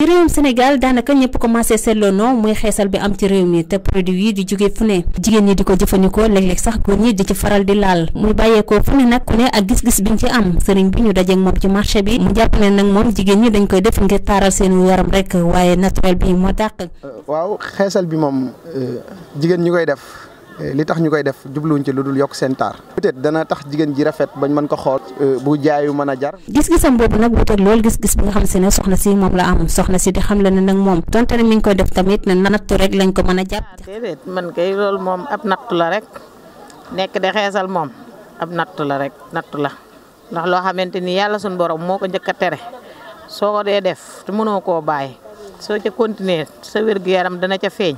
ci réewum Sénégal daanaka ñëpp commencé seetloo non muy xeesal bi am ci réew mi te produit yi di jóge fu ne jigéen ñi di ko jëfandikoo léeg-léeg sax góor ñi di ci faral di laal muy bàyyeekoo fu ne nag ku ne ak gis-gis bi ñu ci am sëriñ bi ñu dajeek moom ci marché bi mu jàpp ne nag moom jigéen ñi dañ koy def ngir taaral seen yaram rek waaye naturel bi moo dàq. Euh, waaw xeesal bi moom euh, jigéen ñi koy def. Eh, li tax ñu koy def jubluwuñ ci lu dul yokk seen peut-être dana tax jigéen ji rafet bañ mën ko xool eh, bu jaayu mën a jar gis-gisam boobu nag wuuteeg loolu gis-gis bi nga xam si ne soxna si moom la am soxna si di xam la ne nag moom donte ne mi ngi koy def tamit ne nattu rek lañ ko mën a jàpp ah, déedéet man kay loolu moom ab nattu la rek nekk de xeesal moom ab nattu la rek nattu la ndax loo xamante ni yàlla suñu borom moo ko jëkk a tere soo dee def te mënoo koo bàyyi soo ca continuer sa wér-gu-yaram dana ca feeñ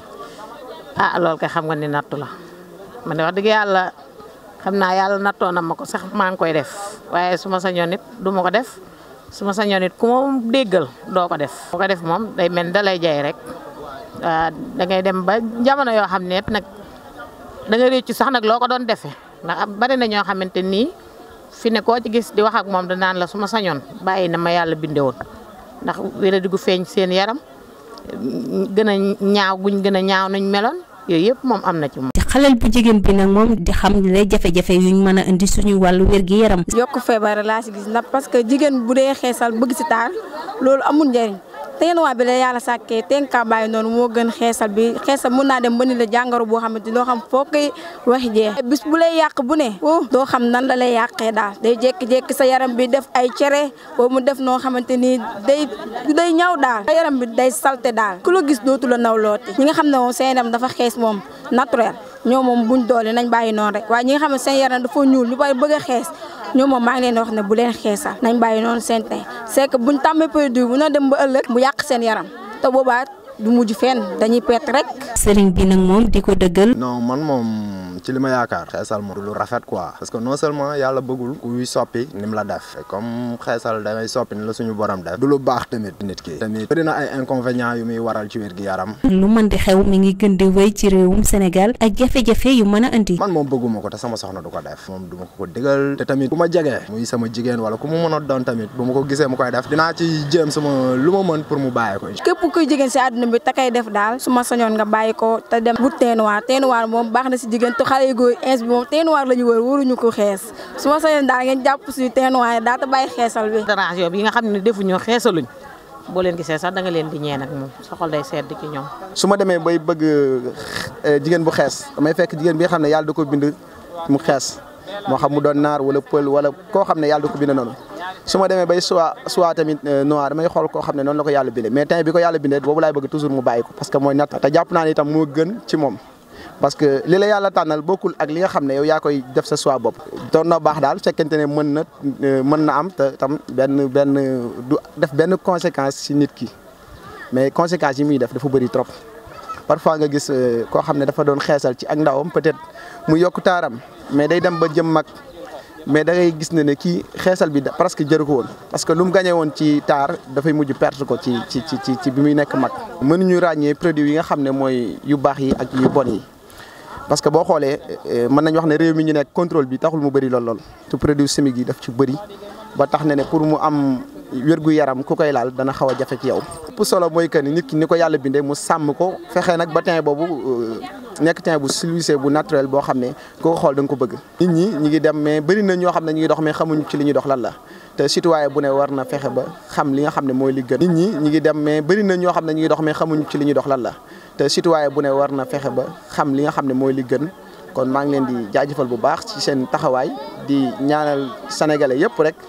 ah loolu kay xam nga ni nattu la ma ne wax dëgg yàlla xam naa yàlla nattoon na ma ko sax maa ngi koy def waaye su ma sañoon it du ma ko def su ma sañoon it ku ma déggal doo ko def. boo ko def moom day mel da lay jay rek da ngay dem ba jamono yoo xam ne nag da ngay réccu sax nag loo ko doon defee ndax bari na ñoo xamante nii fi ne ci gis di wax ak moom danaan la su ma sañoon bàyyi na ma yàlla bindee woon ndax wéra digu feeñ seen yaram gën ñaaw guñ gën ñaaw nañ meloon. yooyu yëpp moom am na ci moom. xalal bu jigéen bi nag moom di xam lay jafe-jafe yuñ mën a indi suñu wàllu wér-gi-yaram. yokk feebare laa si gis ndax parce que jigéen bu dee xeesal bëgg si taal loolu amul njëriñ. teenuwaay bi la yàlla sàkkee tenka bàyyi noonu moo gën xeesal bi xeesal mun naa dem ba ni la jàngoro boo xamante doo xam foo koy wax jeex bis bu la yàq bu ne oh, doo xam nan la lay yàqee daal day jékki-jékki sa yaram bi def ay cere boo mu def noo xamante ni day day ñaw daal sa yaram bi day salte daal ku la gis dootu la naw looti ñi nga xam ne moom seen yaram dafa xees moom naturel ñoo moom buñ doole nañ bàyyi noonu rek waaye ñi xam ne seen yaram dafa ñuul ñu bari bëgg xees ñoo moom maa leen wax ne bu leen xeesal nañ bàyyi noonu seen teint c'est que buñ tàmmee produit bu na dem ba ëllëg mu yàq seen yaram te boobaat du mujj feen dañuy pet rek. sëriñ bi nag moom di ko dëggal. non man moom. ci li ma yaakaar xeesal moom lu rafet quoi parce que non seulement yàlla bëggul kuy soppi ni la def comme xeesal dangay soppi ni la suñu borom def du lu baax tamit nit ki tamit bëri a ma jegee muy sama jigéen wala ku mu mën doon tamit bu ma ko gisee mu koy def dinaa ci jéem lu ma mën pour mu bàyyi ko képp kuy jigéen si àdduna bi te kay def daal su ma sañoon nga bàyyi ko te dem wut teenuwaar teenuwaar moom baax na si jigéen xale yu góor ins bi moom teint noir la ñu wër waruñu ko xees su ma sañoon daal ngeen jàpp suñu teint noir daa ta bàyyi xeesal bi dérange yi nga leen gisee sax da nga leen di ñeen ak moom sa xol day sedd ci demee bay bëgg eh, bu xees damay fekk jigéen bi nga ko bind mu xees moo xam mu doon naar wala pël wala tamit eh, noir damay xool koo xam ne noonu la ko yàlla bindee mais teint bi ko yàlla bindee boobu laay bëgg toujours mu bàyyi parce que mooy natt te jàpp naa ne moo gën ci moom parce que li la yàlla tànnal bokkul ak li nga xam ne yow yaa koy def sa choix bopp. doon na baax daal fekkente ne mën na euh, mën na am tam benn benn du def benn conséquence si nit ki mais conséquence yi muy def dafa bëri trop. parfois nga gis euh, koo xam ne dafa doon xeesal ci ak ndawam peut-être mu yokk taaram mais day dem ba jëm mag mais da ngay gis ne ne kii xeesal bi presque jëru ko woon parce que lu mu gagné woon ci taar dafay mujj perte ko ci ci ci ci bi muy nekk mag. mënuñu ràññee produit yi nga xam ne mooy yu baax yi ak yu bon yi. parce que boo xoolee eh, mën nañ wax ne réew mi ñu nekk contrôle bi taxul mu bari lool lool te produit chimique yi daf ci bëri ba tax na ne pour mu am wérgu yaram ku koy laal dana xaw a jafe ci yow. ëpp solo mooy que ni nit ki ni ko yàlla bindee mu sàmm ko fexe nag ba teint boobu euh, nekk teint bu silvisé bu naturel boo xam ne ku ko xool da nga ko bëgg. nit ñi ñu ngi dem mais bëri na ñoo xam ne ñu ngi dox mais xamuñ ci li dox lan la. te citoyen bu ne na fexe ba xam li nga xam ne mooy li gën. nit ñi ñu ngi dem mais bëri na ñoo xam ne ñu ngi dox mais xamuñ ci li ñuy dox lan la. te citoyen bu ne war na fexe ba xam li nga xam ne mooy li gën kon maa ngi leen di jaajëfal bu baax ci seen taxawaay di ñaanal sénégalais yëpp rek.